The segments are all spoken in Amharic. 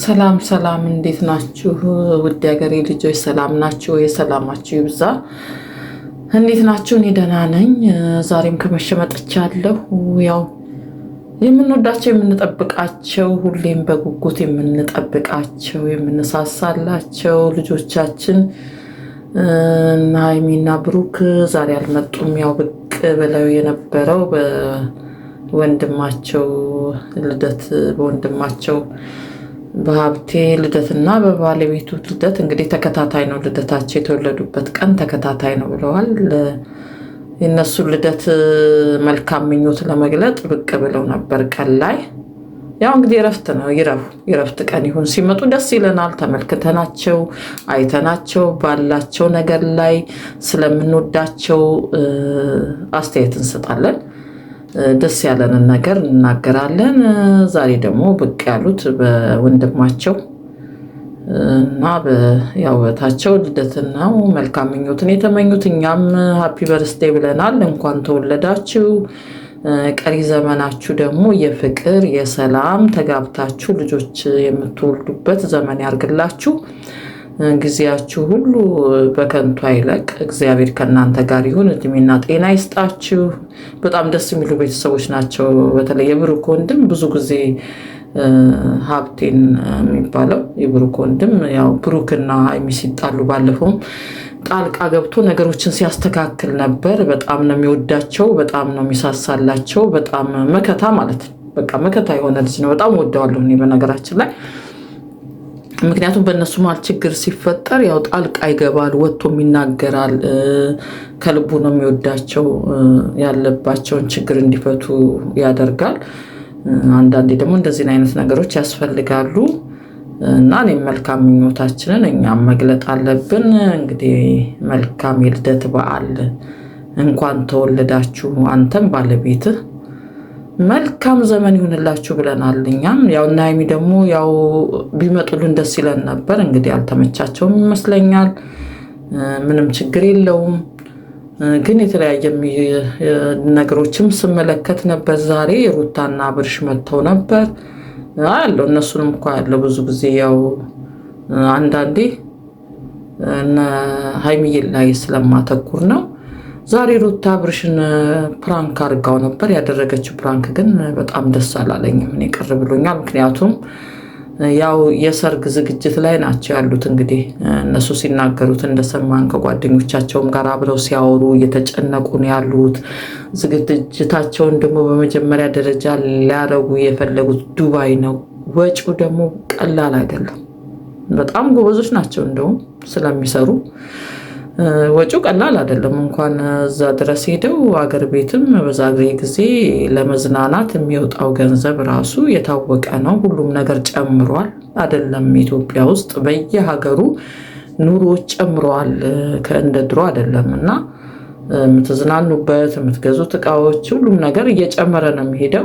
ሰላም ሰላም፣ እንዴት ናችሁ? ውድ ሀገሬ ልጆች ሰላም ናችሁ? የሰላማችሁ ይብዛ። እንዴት ናችሁ? እኔ ደህና ነኝ። ዛሬም ከመሸ መጥቻለሁ። ያው የምንወዳቸው የምንጠብቃቸው፣ ሁሌም በጉጉት የምንጠብቃቸው የምንሳሳላቸው ልጆቻችን እና ሀይሚና ብሩክ ዛሬ አልመጡም። ያው ብቅ ብለው የነበረው በወንድማቸው ልደት በወንድማቸው በሀብቴ ልደትና በባለቤቱ ልደት እንግዲህ ተከታታይ ነው። ልደታቸው የተወለዱበት ቀን ተከታታይ ነው ብለዋል። የእነሱን ልደት መልካም ምኞት ለመግለጥ ብቅ ብለው ነበር። ቀን ላይ ያው እንግዲህ እረፍት ነው፣ ይረፉ፣ የእረፍት ቀን ይሁን። ሲመጡ ደስ ይለናል። ተመልክተናቸው፣ አይተናቸው፣ ባላቸው ነገር ላይ ስለምንወዳቸው አስተያየት እንሰጣለን። ደስ ያለንን ነገር እናገራለን። ዛሬ ደግሞ ብቅ ያሉት በወንድማቸው እና በያወታቸው ልደትን ነው። መልካም ምኞትን የተመኙት እኛም ሀፒ በርስቴ ብለናል። እንኳን ተወለዳችሁ። ቀሪ ዘመናችሁ ደግሞ የፍቅር የሰላም ተጋብታችሁ ልጆች የምትወልዱበት ዘመን ያርግላችሁ። ጊዜያችሁ ሁሉ በከንቱ አይለቅ። እግዚአብሔር ከእናንተ ጋር ይሁን። እድሜና ጤና ይስጣችሁ። በጣም ደስ የሚሉ ቤተሰቦች ናቸው። በተለይ የብሩክ ወንድም ብዙ ጊዜ ሀብቴን የሚባለው የብሩክ ወንድም ያው ብሩክና ሀይሚ ሲጣሉ ባለፈውም ጣልቃ ገብቶ ነገሮችን ሲያስተካክል ነበር። በጣም ነው የሚወዳቸው፣ በጣም ነው የሚሳሳላቸው። በጣም መከታ ማለት ነው። በቃ መከታ የሆነ ልጅ ነው። በጣም ወደዋለሁ እኔ በነገራችን ላይ ምክንያቱም በእነሱ መሀል ችግር ሲፈጠር ያው ጣልቃ ይገባል፣ ወጥቶም ይናገራል። ከልቡ ነው የሚወዳቸው፣ ያለባቸውን ችግር እንዲፈቱ ያደርጋል። አንዳንዴ ደግሞ እንደዚህን አይነት ነገሮች ያስፈልጋሉ እና እኔም መልካም ምኞታችንን እኛም መግለጥ አለብን። እንግዲህ መልካም የልደት በዓል፣ እንኳን ተወለዳችሁ አንተም ባለቤትህ መልካም ዘመን ይሁንላችሁ ብለናል። እኛም ያው ናይሚ ሀይሚ ደግሞ ያው ቢመጡልን ደስ ይለን ነበር። እንግዲህ አልተመቻቸውም ይመስለኛል። ምንም ችግር የለውም ግን የተለያየ ነገሮችም ስመለከት ነበር። ዛሬ ሩታና ብርሽ መጥተው ነበር አለው። እነሱንም እኳ ያለው ብዙ ጊዜ ያው አንዳንዴ ሀይሚዬ ላይ ስለማተኩር ነው ዛሬ ሩታ አብርሽን ፕራንክ አድርጋው ነበር። ያደረገችው ፕራንክ ግን በጣም ደስ አላለኝም። እኔ ቅር ብሎኛል። ምክንያቱም ያው የሰርግ ዝግጅት ላይ ናቸው ያሉት። እንግዲህ እነሱ ሲናገሩት እንደሰማን ከጓደኞቻቸውም ጋር አብረው ሲያወሩ እየተጨነቁ ነው ያሉት። ዝግጅታቸውን ደግሞ በመጀመሪያ ደረጃ ሊያረጉ የፈለጉት ዱባይ ነው። ወጪው ደግሞ ቀላል አይደለም። በጣም ጎበዞች ናቸው እንደውም ስለሚሰሩ ወጪው ቀላል አይደለም። እንኳን እዛ ድረስ ሄደው አገር ቤትም በዛ ጊዜ ለመዝናናት የሚወጣው ገንዘብ ራሱ የታወቀ ነው። ሁሉም ነገር ጨምሯል አይደለም። ኢትዮጵያ ውስጥ በየሀገሩ ኑሮዎች ጨምረዋል። ከእንደ ድሮ አይደለም እና የምትዝናኑበት የምትገዙት እቃዎች፣ ሁሉም ነገር እየጨመረ ነው የሚሄደው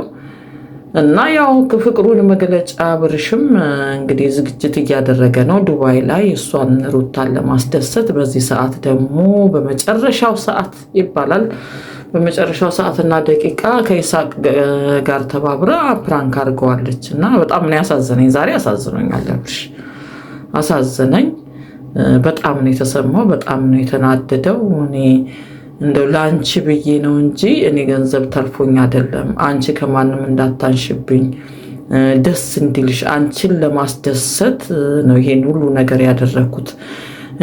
እና ያው ፍቅሩን መግለጫ አብርሽም እንግዲህ ዝግጅት እያደረገ ነው ዱባይ ላይ እሷን ሩታን ለማስደሰት። በዚህ ሰዓት ደግሞ በመጨረሻው ሰዓት ይባላል በመጨረሻው ሰዓትና ደቂቃ ከይሳቅ ጋር ተባብራ ፕራንክ አድርገዋለች እና በጣም ነው ያሳዘነኝ። ዛሬ አሳዝኖኛል አብርሽ አሳዘነኝ። በጣም ነው የተሰማው። በጣም ነው የተናደደው እኔ እንደው ለአንቺ ብዬ ነው እንጂ እኔ ገንዘብ ተርፎኝ አይደለም። አንቺ ከማንም እንዳታንሽብኝ ደስ እንዲልሽ አንቺን ለማስደሰት ነው ይሄን ሁሉ ነገር ያደረግኩት።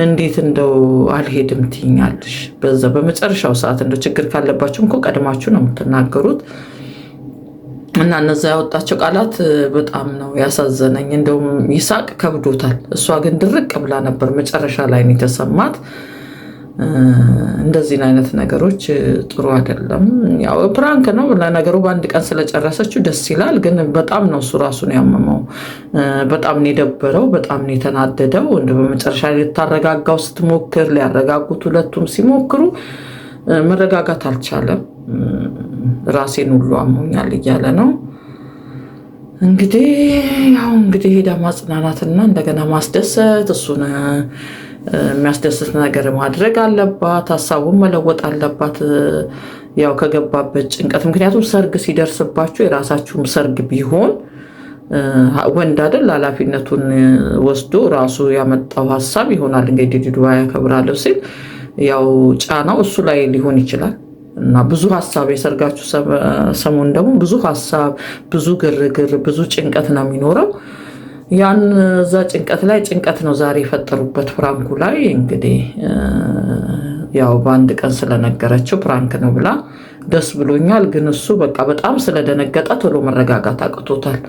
እንዴት እንደው አልሄድም ትይኛለሽ? በዛ በመጨረሻው ሰዓት እንደው ችግር ካለባችሁ እንኮ ቀድማችሁ ነው የምትናገሩት። እና እነዛ ያወጣቸው ቃላት በጣም ነው ያሳዘነኝ። እንደውም ይሳቅ ከብዶታል። እሷ ግን ድርቅ ብላ ነበር። መጨረሻ ላይ ነው የተሰማት። እንደዚህን አይነት ነገሮች ጥሩ አይደለም። ያው ፕራንክ ነው ለነገሩ፣ በአንድ ቀን ስለጨረሰችው ደስ ይላል። ግን በጣም ነው እሱ ራሱን ያመመው፣ በጣም ነው የደበረው፣ በጣም ነው የተናደደው። እንደ በመጨረሻ ልታረጋጋው ስትሞክር፣ ሊያረጋጉት ሁለቱም ሲሞክሩ መረጋጋት አልቻለም። ራሴን ሁሉ አሞኛል እያለ ነው እንግዲህ ያው እንግዲህ ሄዳ ማጽናናትና እንደገና ማስደሰት እሱን የሚያስደስት ነገር ማድረግ አለባት። ሀሳቡን መለወጥ አለባት። ያው ከገባበት ጭንቀት ምክንያቱም ሰርግ ሲደርስባቸው የራሳችሁም ሰርግ ቢሆን ወንድ አይደል ኃላፊነቱን ወስዶ ራሱ ያመጣው ሀሳብ ይሆናል። እንግዲህ ዲዱባ ያከብራለሁ ሲል ያው ጫናው እሱ ላይ ሊሆን ይችላል እና ብዙ ሀሳብ የሰርጋችሁ ሰሞን ደግሞ ብዙ ሀሳብ፣ ብዙ ግርግር፣ ብዙ ጭንቀት ነው የሚኖረው። ያን እዛ ጭንቀት ላይ ጭንቀት ነው ዛሬ የፈጠሩበት ፕራንኩ ላይ እንግዲህ ያው በአንድ ቀን ስለነገረችው ፕራንክ ነው ብላ ደስ ብሎኛል። ግን እሱ በቃ በጣም ስለደነገጠ ቶሎ መረጋጋት አቅቶታል።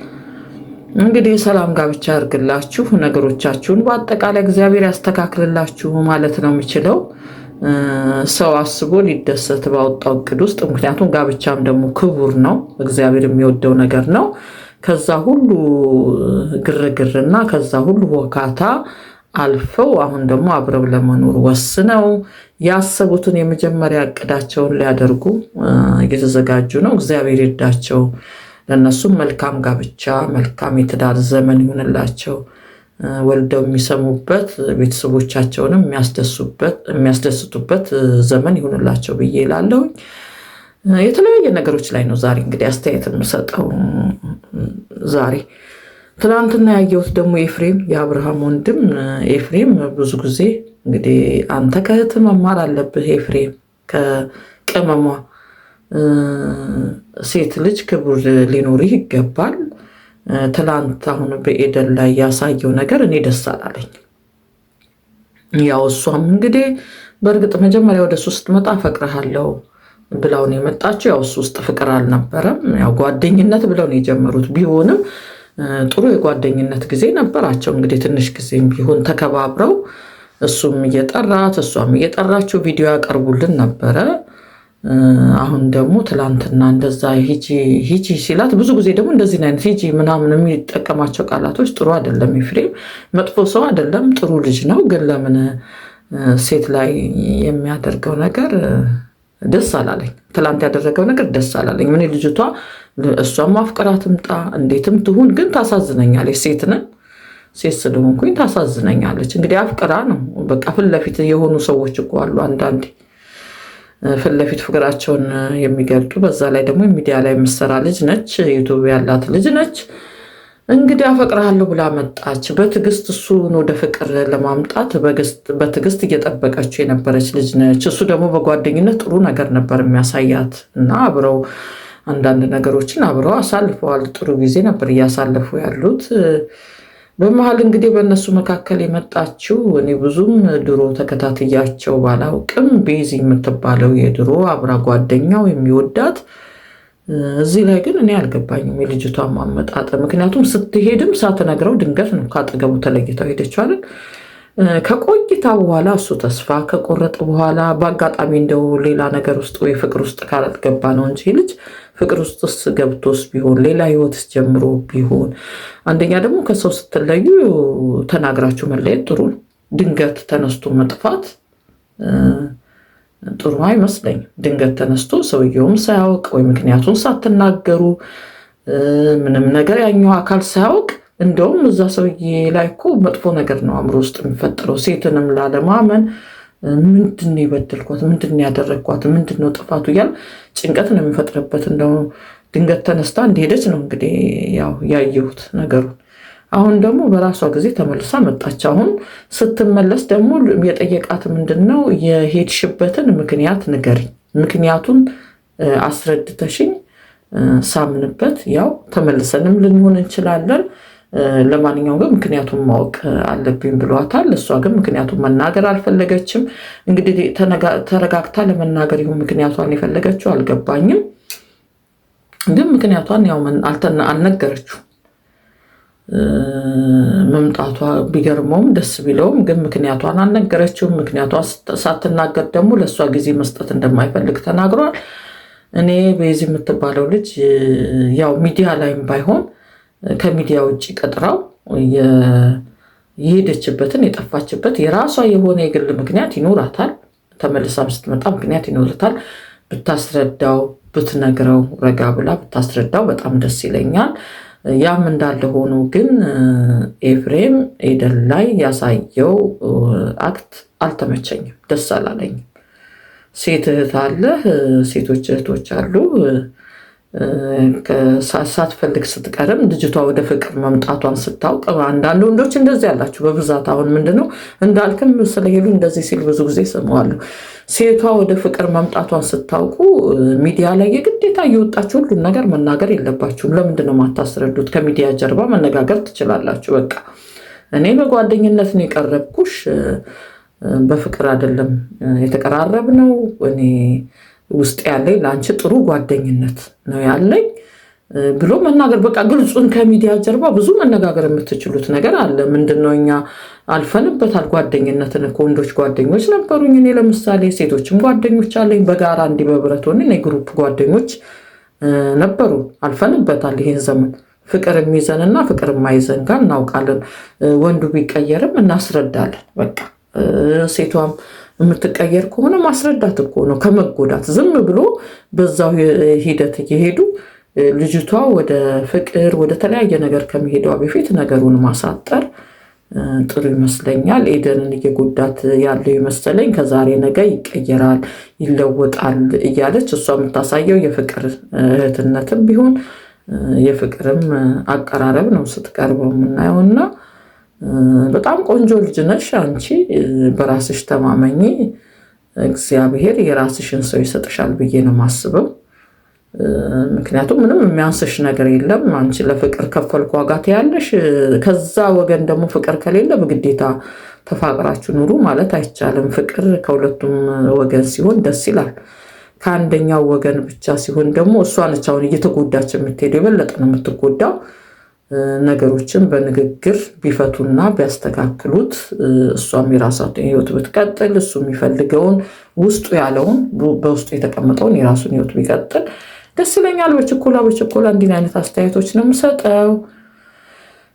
እንግዲህ ሰላም ጋብቻ ያርግላችሁ፣ ነገሮቻችሁን በአጠቃላይ እግዚአብሔር ያስተካክልላችሁ ማለት ነው የምችለው። ሰው አስቦ ሊደሰት ባወጣው እቅድ ውስጥ ምክንያቱም ጋብቻም ደግሞ ክቡር ነው፣ እግዚአብሔር የሚወደው ነገር ነው። ከዛ ሁሉ ግርግርና ከዛ ሁሉ ወካታ አልፈው አሁን ደግሞ አብረው ለመኖር ወስነው ያሰቡትን የመጀመሪያ እቅዳቸውን ሊያደርጉ እየተዘጋጁ ነው። እግዚአብሔር ይርዳቸው። ለእነሱም መልካም ጋብቻ፣ መልካም የትዳር ዘመን ይሆንላቸው። ወልደው የሚሰሙበት ቤተሰቦቻቸውንም የሚያስደስቱበት ዘመን ይሆንላቸው ብዬ እላለሁኝ። የተለያየ ነገሮች ላይ ነው ዛሬ እንግዲህ አስተያየት የምሰጠው። ዛሬ ትናንትና ያየሁት ደግሞ ኤፍሬም የአብርሃም ወንድም ኤፍሬም ብዙ ጊዜ እንግዲህ አንተ ከእህት መማር አለብህ። ኤፍሬም ከቅመሟ ሴት ልጅ ክብር ሊኖርህ ይገባል። ትላንት አሁን በኤደን ላይ ያሳየው ነገር እኔ ደስ አላለኝ። ያው እሷም እንግዲህ በእርግጥ መጀመሪያ ወደ ሶስት ስትመጣ ፈቅረሃለው ብለው ነው የመጣችው። ያው እሱ ውስጥ ፍቅር አልነበረም። ያው ጓደኝነት ብለው ነው የጀመሩት። ቢሆንም ጥሩ የጓደኝነት ጊዜ ነበራቸው። እንግዲህ ትንሽ ጊዜም ቢሆን ተከባብረው እሱም እየጠራት እሷም እየጠራችው ቪዲዮ ያቀርቡልን ነበረ። አሁን ደግሞ ትላንትና እንደዛ ሂጂ ሲላት ብዙ ጊዜ ደግሞ እንደዚህ አይነት ሂጂ ምናምን የሚጠቀማቸው ቃላቶች ጥሩ አይደለም። ኤፍሬም መጥፎ ሰው አይደለም፣ ጥሩ ልጅ ነው። ግን ለምን ሴት ላይ የሚያደርገው ነገር ደስ አላለኝ። ትላንት ያደረገው ነገር ደስ አላለኝ። ምን ልጅቷ እሷም ማፍቀራ ትምጣ እንዴትም ትሁን፣ ግን ታሳዝነኛለች። ሴት ነን፣ ሴት ስለሆንኩኝ ታሳዝነኛለች። እንግዲህ አፍቅራ ነው በቃ። ፊት ለፊት የሆኑ ሰዎች እኮ አሉ አንዳንዴ ፊት ለፊት ፍቅራቸውን የሚገልጡ በዛ ላይ ደግሞ ሚዲያ ላይ የምትሰራ ልጅ ነች፣ ዩቱብ ያላት ልጅ ነች። እንግዲህ አፈቅርሃለሁ ብላ መጣች። በትዕግስት እሱን ወደ ፍቅር ለማምጣት በትዕግስት እየጠበቀችው የነበረች ልጅ ነች። እሱ ደግሞ በጓደኝነት ጥሩ ነገር ነበር የሚያሳያት እና አብረው አንዳንድ ነገሮችን አብረው አሳልፈዋል። ጥሩ ጊዜ ነበር እያሳለፉ ያሉት። በመሀል እንግዲህ በእነሱ መካከል የመጣችው እኔ ብዙም ድሮ ተከታትያቸው ባላውቅም ቤዚ የምትባለው የድሮ አብራ ጓደኛው የሚወዳት እዚህ ላይ ግን እኔ አልገባኝም የልጅቷ ማመጣጠ። ምክንያቱም ስትሄድም ሳትነግረው ድንገት ነው ከአጠገቡ ተለይተው ሄደች ከቆይታ በኋላ እሱ ተስፋ ከቆረጠ በኋላ በአጋጣሚ እንደው ሌላ ነገር ውስጥ ወይ ፍቅር ውስጥ ካልገባ ነው እንጂ ልጅ ፍቅር ውስጥስ ገብቶስ ቢሆን ሌላ ህይወትስ ጀምሮ ቢሆን። አንደኛ ደግሞ ከሰው ስትለዩ ተናግራችሁ መለየት ጥሩ ነው። ድንገት ተነስቶ መጥፋት ጥሩ አይመስለኝም። ድንገት ተነስቶ ሰውየውም ሳያውቅ ወይ ምክንያቱን ሳትናገሩ ምንም ነገር ያኛው አካል ሳያውቅ እንደውም እዛ ሰውዬ ላይ እኮ መጥፎ ነገር ነው አእምሮ ውስጥ የሚፈጠረው። ሴትንም ላለማመን ምንድን ነው የበደልኳት፣ ምንድን ያደረግኳት፣ ምንድን ነው ጥፋቱ እያል ጭንቀት ነው የሚፈጥርበት። እንደው ድንገት ተነስታ እንደሄደች ነው እንግዲህ ያው ያየሁት ነገሩን አሁን ደግሞ በራሷ ጊዜ ተመልሳ መጣች። አሁን ስትመለስ ደግሞ የጠየቃት ምንድን ነው የሄድሽበትን ምክንያት ንገሪኝ፣ ምክንያቱን አስረድተሽኝ ሳምንበት፣ ያው ተመልሰንም ልንሆን እንችላለን። ለማንኛውም ግን ምክንያቱን ማወቅ አለብኝ ብሏታል። እሷ ግን ምክንያቱን መናገር አልፈለገችም። እንግዲህ ተረጋግታ ለመናገር ይሁን ምክንያቷን የፈለገችው አልገባኝም። ግን ምክንያቷን ያው አልነገረችው መምጣቷ ቢገርመውም ደስ ቢለውም ግን ምክንያቷን አልነገረችውም። ምክንያቷ ሳትናገር ደግሞ ለእሷ ጊዜ መስጠት እንደማይፈልግ ተናግሯል። እኔ በዚህ የምትባለው ልጅ ያው ሚዲያ ላይም ባይሆን ከሚዲያ ውጭ ቀጥራው የሄደችበትን የጠፋችበት የራሷ የሆነ የግል ምክንያት ይኖራታል። ተመልሳም ስትመጣ ምክንያት ይኖራታል። ብታስረዳው ብትነግረው፣ ረጋ ብላ ብታስረዳው በጣም ደስ ይለኛል። ያም እንዳለ ሆኖ ግን ኤፍሬም ኤደን ላይ ያሳየው አክት አልተመቸኝም፣ ደስ አላለኝም። ሴት እህት አለህ፣ ሴቶች እህቶች አሉ። ሳትፈልግ ስትቀርም ልጅቷ ወደ ፍቅር መምጣቷን ስታውቅ፣ አንዳንድ ወንዶች እንደዚህ ያላችሁ በብዛት አሁን ምንድነው እንዳልክም ስለሄዱ እንደዚህ ሲል ብዙ ጊዜ ስመዋሉ። ሴቷ ወደ ፍቅር መምጣቷን ስታውቁ ሚዲያ ላይ የግዴታ እየወጣችሁ ሁሉን ነገር መናገር የለባችሁም። ለምንድነው ማታስረዱት? ከሚዲያ ጀርባ መነጋገር ትችላላችሁ። በቃ እኔ በጓደኝነት ነው የቀረብኩሽ፣ በፍቅር አይደለም የተቀራረብ ነው እኔ ውስጥ ያለኝ ለአንቺ ጥሩ ጓደኝነት ነው ያለኝ ብሎ መናገር በቃ ግልጹን ከሚዲያ ጀርባ ብዙ መነጋገር የምትችሉት ነገር አለ። ምንድነው እኛ አልፈንበታል። ጓደኝነትን ወንዶች ጓደኞች ነበሩኝ እኔ ለምሳሌ ሴቶችም ጓደኞች አለኝ። በጋራ እንዲህ በብረት ሆነን የግሩፕ ጓደኞች ነበሩ። አልፈንበታል ይህን ዘመን ፍቅር የሚይዘን እና ፍቅር የማይዘን ጋር እናውቃለን። ወንዱ ቢቀየርም እናስረዳለን። በቃ ሴቷም የምትቀየር ከሆነ ማስረዳት እኮ ነው ከመጎዳት ዝም ብሎ በዛው ሂደት እየሄዱ ልጅቷ ወደ ፍቅር ወደ ተለያየ ነገር ከመሄዷ በፊት ነገሩን ማሳጠር ጥሩ ይመስለኛል። ኤደንን እየጎዳት ያለው ይመስለኝ ከዛሬ ነገ ይቀየራል፣ ይለወጣል እያለች እሷ የምታሳየው የፍቅር እህትነትም ቢሆን የፍቅርም አቀራረብ ነው ስትቀርበው የምናየውና በጣም ቆንጆ ልጅ ነሽ አንቺ። በራስሽ ተማመኝ፣ እግዚአብሔር የራስሽን ሰው ይሰጥሻል ብዬ ነው ማስበው። ምክንያቱም ምንም የሚያንስሽ ነገር የለም። አንቺ ለፍቅር ከፈልኩ ዋጋ ትያለሽ። ከዛ ወገን ደግሞ ፍቅር ከሌለ በግዴታ ተፋቅራችሁ ኑሩ ማለት አይቻልም። ፍቅር ከሁለቱም ወገን ሲሆን ደስ ይላል። ከአንደኛው ወገን ብቻ ሲሆን ደግሞ እሷ ነች አሁን እየተጎዳች የምትሄደው፣ የበለጠ ነው የምትጎዳው። ነገሮችን በንግግር ቢፈቱና ቢያስተካክሉት እሷም የራሷን ህይወት ብትቀጥል እሱ የሚፈልገውን ውስጡ ያለውን በውስጡ የተቀመጠውን የራሱን ህይወት ቢቀጥል ደስ ይለኛል። በችኮላ በችኮላ እንዲህ አይነት አስተያየቶች ነው የምሰጠው።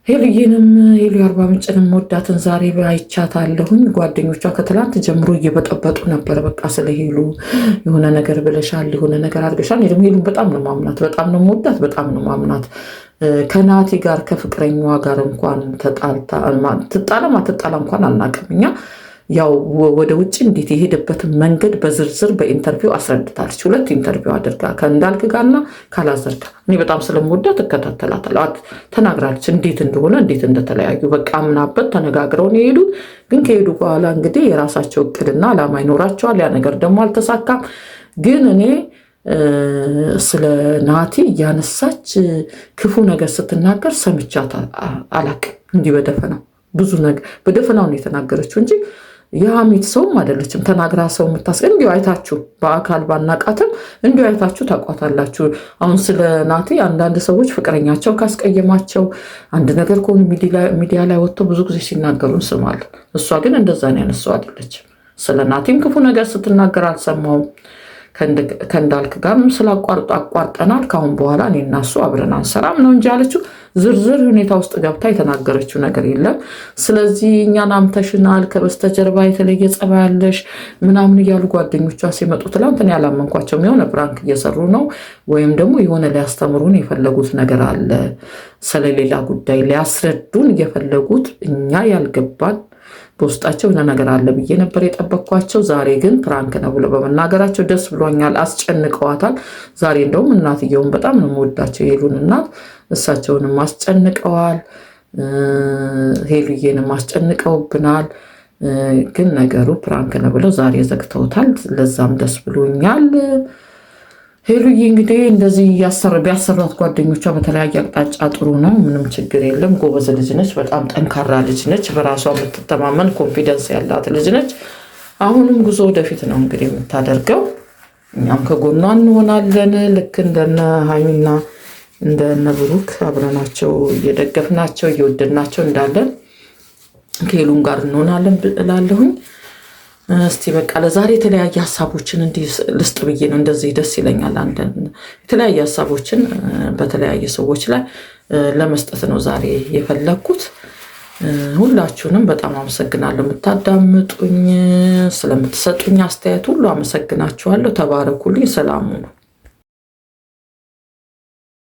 ሄልዬንም ሄሉ አርባ ምንጭንም ወዳትን ዛሬ አይቻታለሁኝ። ጓደኞቿ ከትላንት ጀምሮ እየበጠበጡ ነበር። በቃ ስለ ሄሉ የሆነ ነገር ብለሻል፣ የሆነ ነገር አድርገሻል። ሄሉ በጣም ነው ማምናት፣ በጣም ነው መወዳት፣ በጣም ነው ማምናት ከናቲ ጋር ከፍቅረኛዋ ጋር እንኳን ተጣልታ ትጣላም አትጣላ እንኳን አናውቅም። እኛ ያው ወደ ውጭ እንዴት የሄደበትን መንገድ በዝርዝር በኢንተርቪው አስረድታለች። ሁለት ኢንተርቪው አድርጋ ከእንዳልክ ጋርና ካላዘር ጋር እኔ በጣም ስለምወዳ እከታተላታለሁ። ተናግራለች እንዴት እንደሆነ እንዴት እንደተለያዩ በቃ ምናበት ተነጋግረውን የሄዱት ግን ከሄዱ በኋላ እንግዲህ የራሳቸው እቅድና አላማ ይኖራቸዋል። ያ ነገር ደግሞ አልተሳካም። ግን እኔ ስለ ናቲ እያነሳች ክፉ ነገር ስትናገር ሰምቻት አላቅም። እንዲህ በደፈናው ብዙ ነገር በደፈናው ነው የተናገረችው እንጂ የሐሜት ሰውም አይደለችም። ተናግራ ሰው የምታስ እንዲሁ አይታችሁ በአካል ባናቃትም እንዲሁ አይታችሁ ታቋታላችሁ አሁን ስለ ናቲ አንዳንድ ሰዎች ፍቅረኛቸው ካስቀየማቸው አንድ ነገር ከሆኑ ሚዲያ ላይ ወጥተው ብዙ ጊዜ ሲናገሩ እንስማለን። እሷ ግን እንደዛ ነው ያነሳው አይደለችም። ስለ ናቲም ክፉ ነገር ስትናገር አልሰማውም። ከእንዳልክ ጋርም ስላቋርጦ አቋርጠናል። ከአሁን በኋላ እኔ እና እሱ አብረን አንሰራም ነው እንጂ አለችው። ዝርዝር ሁኔታ ውስጥ ገብታ የተናገረችው ነገር የለም። ስለዚህ እኛን አምተሽናል፣ ከበስተጀርባ የተለየ ጸባ ያለሽ ምናምን እያሉ ጓደኞቿ ሲመጡ ትላንት እኔ ያላመንኳቸውም የሆነ ፕራንክ እየሰሩ ነው ወይም ደግሞ የሆነ ሊያስተምሩን የፈለጉት ነገር አለ ስለሌላ ጉዳይ ሊያስረዱን እየፈለጉት እኛ ያልገባት በውስጣቸው የሆነ ነገር አለ ብዬ ነበር የጠበቅኳቸው። ዛሬ ግን ፕራንክ ነው ብሎ በመናገራቸው ደስ ብሎኛል። አስጨንቀዋታል። ዛሬ እንደውም እናትየውን በጣም ነው የምወዳቸው ሄሉን እናት እሳቸውንም አስጨንቀዋል። ሄሉዬንም አስጨንቀውብናል። ግን ነገሩ ፕራንክ ነው ብለው ዛሬ ዘግተውታል። ለዛም ደስ ብሎኛል። ሄሉዬ እንግዲህ እንደዚህ ቢያሰራት ጓደኞቿ በተለያየ አቅጣጫ ጥሩ ነው። ምንም ችግር የለም። ጎበዝ ልጅ ነች። በጣም ጠንካራ ልጅ ነች። በራሷ የምትተማመን ኮንፊደንስ ያላት ልጅ ነች። አሁንም ጉዞ ወደፊት ነው እንግዲህ የምታደርገው። እኛም ከጎኗ እንሆናለን። ልክ እንደነ ሀይሚና እንደነ ብሩክ አብረናቸው እየደገፍናቸው እየወደድናቸው እንዳለን ከሄሉም ጋር እንሆናለን እላለሁኝ። እስቲ በቃ ለዛሬ የተለያየ ሀሳቦችን እንዲህ ልስጥ ብዬ ነው። እንደዚህ ደስ ይለኛል። አንድን የተለያየ ሀሳቦችን በተለያየ ሰዎች ላይ ለመስጠት ነው ዛሬ የፈለግኩት። ሁላችሁንም በጣም አመሰግናለሁ። የምታዳምጡኝ ስለምትሰጡኝ አስተያየት ሁሉ አመሰግናችኋለሁ። ተባረኩልኝ። ሰላሙ ነው።